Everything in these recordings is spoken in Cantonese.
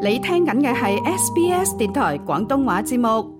你聽緊嘅係 SBS 電台廣東話節目。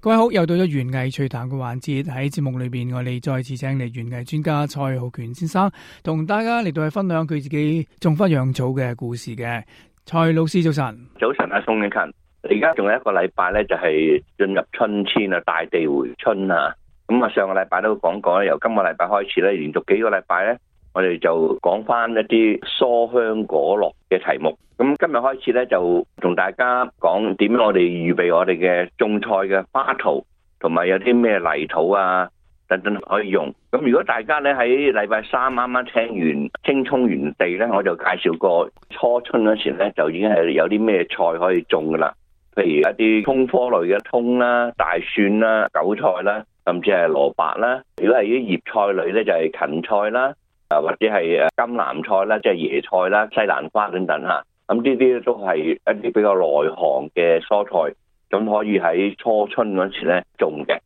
各位好，又到咗園藝趣談嘅環節。喺節目裏邊，我哋再次請嚟園藝專家蔡浩權先生，同大家嚟到去分享佢自己種花養草嘅故事嘅。蔡老師早晨。早晨啊，宋慶勤，而家仲有一個禮拜咧，就係進入春天啦，大地回春啊。咁啊，上個禮拜都講過啦，由今個禮拜開始咧，連續幾個禮拜咧。我哋就講翻一啲蔬香果落嘅題目。咁今日開始咧，就同大家講點樣我哋預備我哋嘅種菜嘅花土，同埋有啲咩泥土啊等等可以用。咁如果大家咧喺禮拜三啱啱聽完青葱園地咧，我就介紹過初春嗰時咧就已經係有啲咩菜可以種噶啦。譬如一啲葱科類嘅葱啦、大蒜啦、韭菜啦，甚至係蘿蔔啦。如果係啲葉菜類咧，就係芹菜啦。啊，或者係誒甘藍菜啦，即係椰菜啦、西蘭花等等吓，咁呢啲都係一啲比較耐寒嘅蔬菜，咁可以喺初春嗰陣時咧種嘅。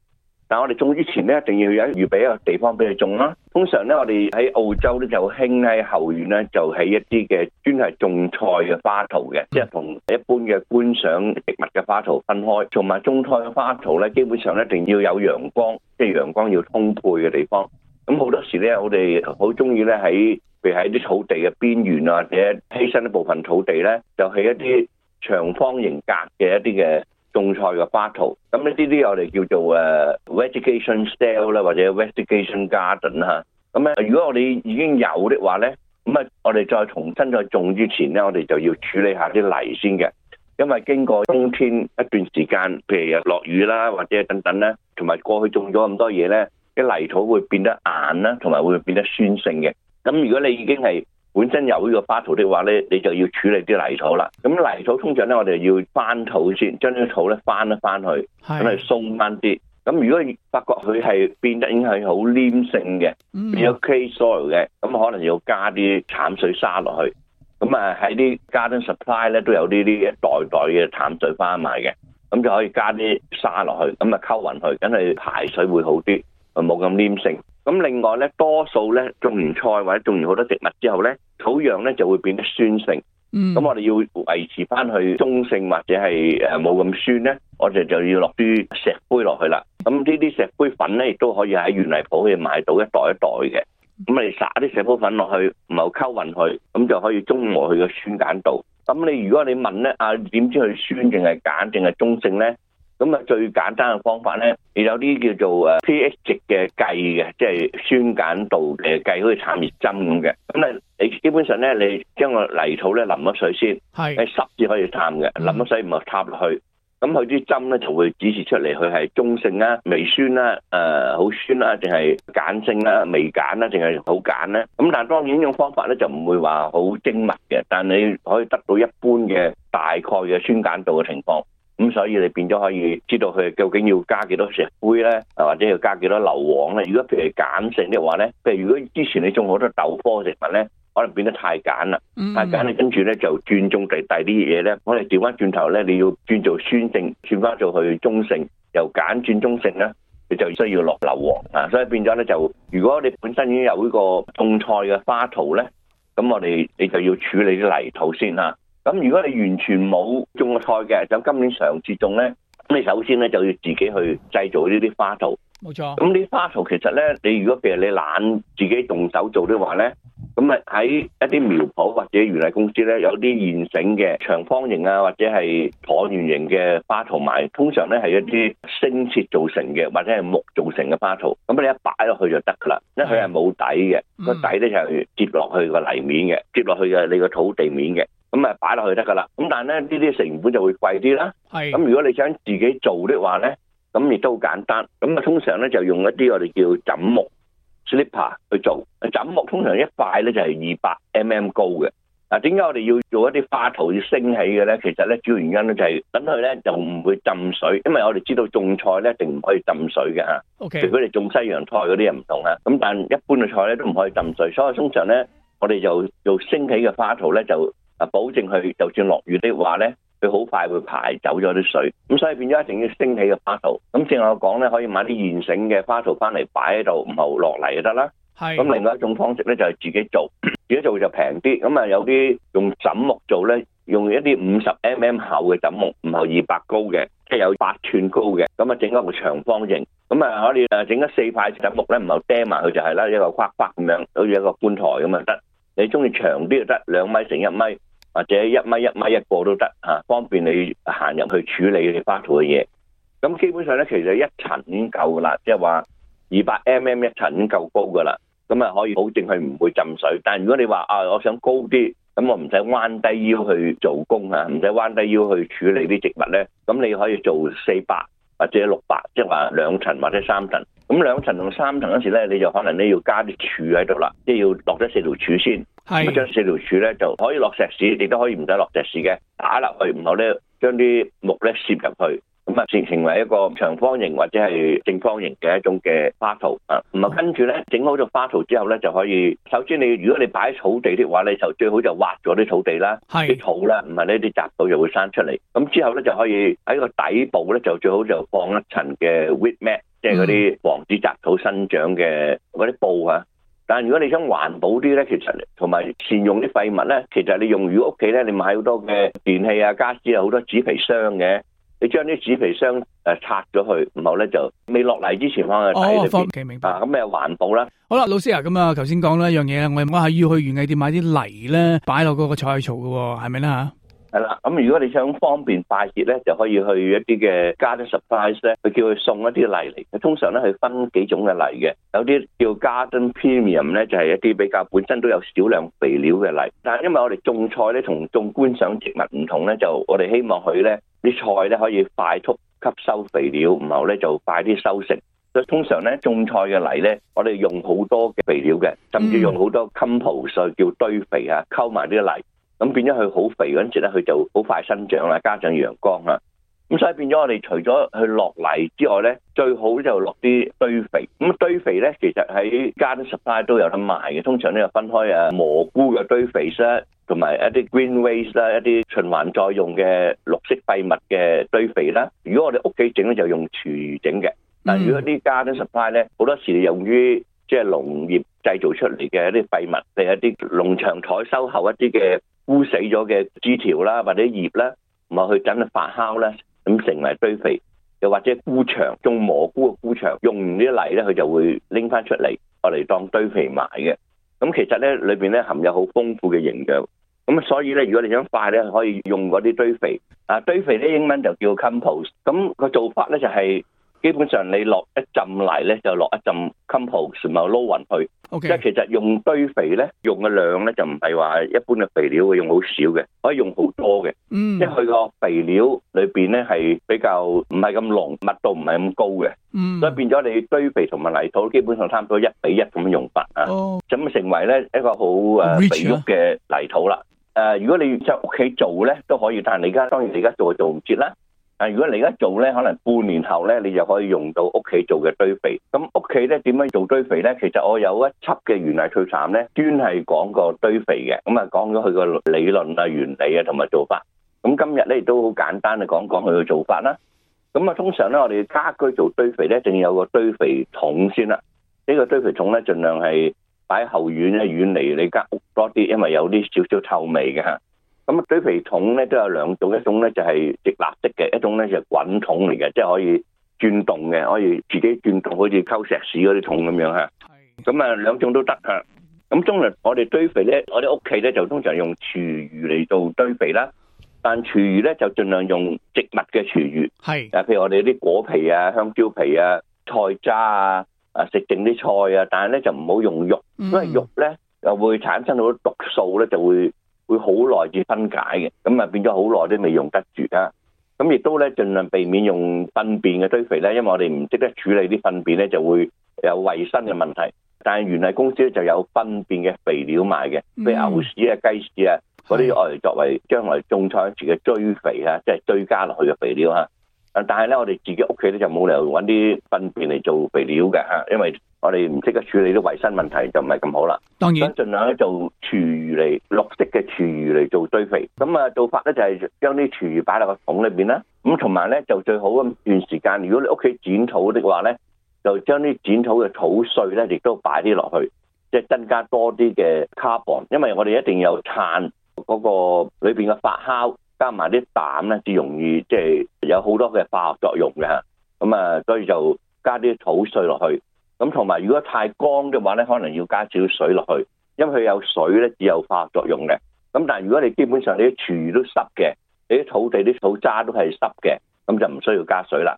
但係我哋種之前咧，一定要有預備一個地方俾佢種啦。通常咧，我哋喺澳洲咧就興喺後院咧就起一啲嘅專係種菜嘅花槽嘅，即係同一般嘅觀賞植物嘅花槽分開。同埋種菜嘅花槽咧，基本上一定要有陽光，即係陽光要充沛嘅地方。咁好多時咧，我哋好中意咧喺，譬如喺啲草地嘅邊緣啊，或者犧牲一部分土地咧，就起一啲長方形格嘅一啲嘅種菜嘅花圃。咁呢啲啲我哋叫做誒 vegetation style 啦，呃、style，或者 vegetation garden 啦。嚇，咁咧，如果我哋已經有嘅話咧，咁啊，我哋再重新再種之前咧，我哋就要處理一下啲泥先嘅，因為經過冬天一段時間，譬如又落雨啦，或者等等啦，同埋過去種咗咁多嘢咧。啲泥土會變得硬啦，同埋會變得酸性嘅。咁如果你已經係本身有呢個花土的話咧，你就要處理啲泥土啦。咁泥土通常咧，我哋要翻土先，將啲土咧翻一翻去，咁嚟鬆翻啲。咁如果發覺佢係變得已經係好黏性嘅，變咗 case soil 嘅，咁可能要加啲淡水沙落去。咁啊喺啲 garden supply 咧都有呢啲嘅袋袋嘅淡水沙賣嘅，咁就可以加啲沙落去，咁啊溝勻佢，咁嚟排水會好啲。冇咁黏性。咁另外咧，多數咧種完菜或者種完好多植物之後咧，土壤咧就會變得酸性。咁、嗯、我哋要維持翻去中性或者係誒冇咁酸咧，我哋就要落啲石灰落去啦。咁呢啲石灰粉咧，亦都可以喺園藝鋪度買到一袋一袋嘅。咁你撒啲石灰粉落去，唔好溝勻佢，咁就可以中和佢嘅酸鹼度。咁你如果你問咧，啊點知佢酸定係鹼定係中性咧？咁啊，最簡單嘅方法咧，你有啲叫做誒 pH 值嘅計嘅，即係酸鹼度嘅計好，好似探熱針咁嘅。咁啊，你基本上咧，你將個泥土咧淋咗水先，係，濕先可以探嘅。淋咗水唔咪插落去，咁佢啲針咧就會指示出嚟，佢係中性啦、啊、微酸啦、啊、誒、呃、好酸啦、啊，定係鹼性啦、啊、微鹼啦、啊，定係好鹼咧、啊。咁但係當然呢種方法咧就唔會話好精密嘅，但係你可以得到一般嘅大概嘅酸鹼度嘅情況。咁所以你變咗可以知道佢究竟要加幾多石灰咧，啊或者要加幾多硫磺咧？如果譬如鹼性嘅話咧，譬如如果之前你種好多豆科嘅植物咧，可能變得太鹼啦，太鹼咧，跟住咧就轉種第第二啲嘢咧，我哋調翻轉頭咧，你要轉做酸性，轉翻做去中性，由鹼轉中性咧，你就需要落硫磺啊，所以變咗咧就，如果你本身已經有呢個種菜嘅花土咧，咁我哋你就要處理啲泥土先啦。咁如果你完全冇種菜嘅，就今年嘗試種咧，咁你首先咧就要自己去製造呢啲花槽。冇錯。咁啲花槽其實咧，你如果譬如你懶自己動手做的話咧，咁啊喺一啲苗圃或者園藝公司咧，有啲現成嘅長方形啊，或者係橢圓形嘅花槽埋。通常咧係一啲星切造成嘅，或者係木造成嘅花槽。咁你一擺落去就得㗎喇，因為佢係冇底嘅，個底咧就係接落去個泥面嘅，接落去嘅你個土地面嘅。咁啊，擺落去得噶啦。咁但係咧，呢啲成本就會貴啲啦。係咁，如果你想自己做的話咧，咁亦都好簡單。咁啊，通常咧就用一啲我哋叫枕木 slipper 去做。枕木通常一塊咧就係二百 mm 高嘅。嗱，點解我哋要做一啲花槽要升起嘅咧？其實咧主要原因咧就係等佢咧就唔會浸水，因為我哋知道種菜咧一定唔可以浸水嘅吓。OK。除非你種西洋菜嗰啲又唔同啦。咁但係一般嘅菜咧都唔可以浸水，所以通常咧我哋就做升起嘅花槽咧就。保證佢就算落雨的話咧，佢好快會排走咗啲水，咁所以變咗一定要升起嘅花槽。咁正我講咧，可以買啲現成嘅花槽翻嚟擺喺度，唔好落嚟就得啦。係、嗯。咁另外一種方式咧，就係、是、自己做，自己做就平啲。咁啊，有啲用枕木做咧，用一啲五十 mm 厚嘅枕木，唔好二百高嘅，即係有八吋高嘅。咁啊，整一個長方形，咁啊，可以啊整咗四塊枕木咧，唔好釘埋佢就係啦，一個框框咁樣，好似一個棺材咁啊得。你中意長啲就得，兩米乘一米。或者一米一米一個都得嚇，方便你行入去處理你花土嘅嘢。咁基本上咧，其實一層已經夠啦，即係話二百 mm 一層已經夠高噶啦。咁啊，可以保證佢唔會浸水。但係如果你話啊，我想高啲，咁我唔使彎低腰去做工呀，唔使彎低腰去處理啲植物咧，咁你可以做四百，或者六百，即係話兩層或者三層，咁兩層同三層嗰時咧，你就可能咧要加啲柱喺度啦，即係要落咗四條柱先，係，將四條柱咧就可以落石屎，亦都可以唔使落石屎嘅，打落去，然後咧將啲木咧攝入去。咁啊，成成為一個長方形或者係正方形嘅一種嘅花槽啊，咁啊，跟住咧整好咗花槽之後咧，就可以首先你如果你擺喺草地嘅話咧，你就最好就挖咗啲草地啦，啲土啦，唔係呢啲雜草就會生出嚟。咁之後咧就可以喺個底部咧就最好就放一層嘅 weed mat，即係嗰啲防止雜草生長嘅嗰啲布啊。但係如果你想環保啲咧，其實同埋善用啲廢物咧，其實你用於屋企咧，你買好多嘅電器啊、家私啊，好多紙皮箱嘅。你將啲紙皮箱誒拆咗佢，然後咧就未落嚟之前放喺底裏邊。啊，咁又環保啦。好啦，老師啊，咁啊頭先講咧一樣嘢啊，我哋唔係要去園藝店買啲泥咧，擺落嗰個菜槽嘅，係咪咧嚇？係啦，咁如果你想方便快捷咧，就可以去一啲嘅 garden surprise 咧，佢叫佢送一啲泥嚟。通常咧，佢分幾種嘅泥嘅，有啲叫 garden premium 咧，就係、是、一啲比較本身都有少量肥料嘅泥。但因為我哋種菜咧，同種觀賞植物唔同咧，就我哋希望佢咧啲菜咧可以快速吸收肥料，然後咧就快啲收成。所以通常咧種菜嘅泥咧，我哋用好多嘅肥料嘅，甚至用好多 compost 叫堆肥啊，溝埋啲泥。咁變咗佢好肥，嗰陣時咧佢就好快生長啦，加上陽光啊，咁所以變咗我哋除咗去落泥之外咧，最好就落啲堆肥。咁堆肥咧，其實喺 Garden Supply 都有得賣嘅，通常都有分開啊蘑菇嘅堆肥啦，同埋一啲 Green Waste 啦，一啲循環再用嘅綠色廢物嘅堆肥啦。如果我哋屋企整咧，就用廚餘整嘅。嗱，如果啲 Garden Supply 咧，好多時用於即係農業製造出嚟嘅一啲廢物，定一啲農場採收後一啲嘅。枯死咗嘅枝條啦，或者葉啦，同埋去整發酵咧，咁成為堆肥，又或者菇場種蘑菇嘅菇場用完呢啲泥咧，佢就會拎翻出嚟，落嚟當堆肥賣嘅。咁其實咧，裏邊咧含有好豐富嘅營養。咁所以咧，如果你想快咧，可以用嗰啲堆肥。啊，堆肥咧英文就叫 compost。咁個做法咧就係。基本上你落一浸泥咧，就落一浸 compost，全部撈勻去。即、okay. 係其實用堆肥咧，用嘅量咧就唔係話一般嘅肥料，會用好少嘅，可以用好多嘅。嗯、mm.，即係佢個肥料裏邊咧係比較唔係咁濃，密度唔係咁高嘅。嗯、mm.，所以變咗你堆肥同埋泥土基本上差唔多一比一咁樣用法啊。哦，咁成為咧一個好啊肥沃嘅泥土啦。誒、oh. 呃，如果你喺屋企做咧都可以，但係你而家當然你而家做就做唔切啦。嗱，如果你而家做咧，可能半年後咧，你就可以用到屋企做嘅堆肥。咁屋企咧點樣做堆肥咧？其實我有一輯嘅園藝趣談咧，專係講個堆肥嘅。咁啊，講咗佢個理論啊、原理啊同埋做法。咁今日咧亦都好簡單，就講講佢嘅做法啦。咁啊，通常咧我哋家居做堆肥咧，先要有一個堆肥桶先啦。呢個堆肥桶咧，盡量係擺後院咧，遠離你間屋多啲，因為有啲少少臭味嘅嚇。咁啊，堆肥桶咧都有兩種，一種咧就係直立式嘅，一種咧就係滾桶嚟嘅，即係可以轉動嘅，可以自己轉動，好似溝石屎嗰啲桶咁樣吓。係。咁啊，兩種都得㗎。咁通常我哋堆肥咧，我哋屋企咧就通常用廚餘嚟做堆肥啦。但廚餘咧就盡量用植物嘅廚餘。係。誒，譬如我哋啲果皮啊、香蕉皮啊、菜渣啊、啊，食剩啲菜啊，但係咧就唔好用肉，因為肉咧又、嗯、會產生好多毒素咧，就會。會好耐至分解嘅，咁啊變咗好耐都未用得住啊！咁亦都咧盡量避免用糞便嘅堆肥咧，因為我哋唔識得處理啲糞便咧，就會有衛生嘅問題。但係園藝公司咧就有糞便嘅肥料賣嘅，譬如牛屎啊、雞屎啊嗰啲，用來作為將來種菜時嘅追肥啊，即係追加落去嘅肥料啊。但但係咧，我哋自己屋企咧就冇理由搵啲糞便嚟做肥料嘅吓，因為我哋唔識得處理啲衛生問題，就唔係咁好啦。當然，想盡量咧做廚餘嚟綠色嘅廚餘嚟做堆肥。咁啊，做法咧就係將啲廚餘擺落個桶裏邊啦。咁同埋咧，就最好咁段時間，如果你屋企剪草的話咧，就將啲剪草嘅草碎咧，亦都擺啲落去，即係增加多啲嘅碳。因為我哋一定要有碳嗰個裏邊嘅發酵。加埋啲膽咧，最容易即係、就是、有好多嘅化學作用嘅，咁啊，所以就加啲草碎落去。咁同埋如果太乾嘅話咧，可能要加少水落去，因為佢有水咧，只有化學作用嘅。咁但係如果你基本上你啲廚餘都濕嘅，你啲土地啲土渣都係濕嘅，咁就唔需要加水啦。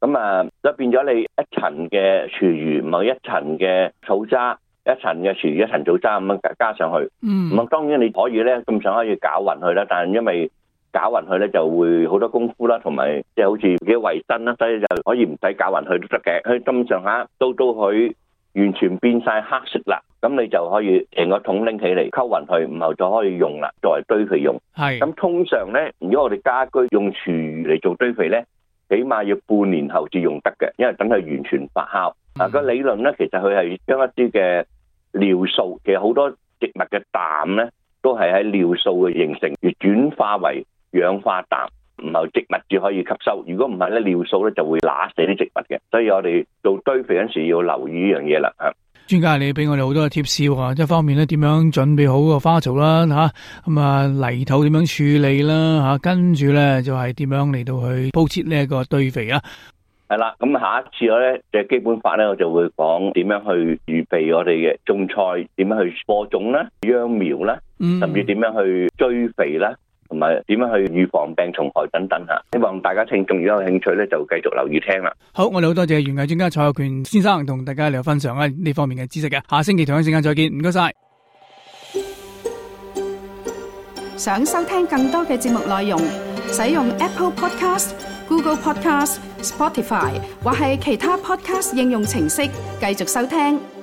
咁啊，咁變咗你一層嘅廚餘，唔係一層嘅土渣，一層嘅廚餘，一層土渣咁樣加上去。嗯。咁啊，當然你可以咧咁想可以攪勻佢啦，但係因為攪勻佢咧，就會好多功夫啦，同埋即係好似幾衞生啦，所以就可以唔使攪勻佢都得嘅。佢咁上下到到佢完全變晒黑色啦，咁你就可以成個桶拎起嚟溝勻佢，然後就可以用啦，作為堆肥用。係。咁通常咧，如果我哋家居用廚餘嚟做堆肥咧，起碼要半年後至用得嘅，因為等佢完全發酵。嗱，個理論咧，其實佢係將一啲嘅尿素，其實好多植物嘅氮咧，都係喺尿素嘅形成而轉化為。氧化氮唔係植物就可以吸收，如果唔係咧尿素咧就會揦死啲植物嘅，所以我哋做堆肥嗰時要留意呢樣嘢啦。吓，專家你俾我哋好多嘅貼士啊，一方面咧點樣準備好個花槽啦，吓咁啊泥土點樣處理啦，吓跟住咧就係點樣嚟到去鋪設呢一個堆肥啊。係啦，咁下一次我咧嘅基本法咧，我就會講點樣去預備我哋嘅種菜，點樣去播種啦、秧苗啦，甚至點樣去追肥啦。嗯同埋點樣去預防病蟲害等等吓，希望大家聽，仲如果有興趣咧，就繼續留意聽啦。好，我哋好多謝園藝專家蔡浩權先生同大家嚟分享啊呢方面嘅知識嘅。下星期同一時間再見，唔該晒。想收聽更多嘅節目內容，使用 Apple Podcast、Google Podcast、Spotify 或係其他 Podcast 應用程式繼續收聽。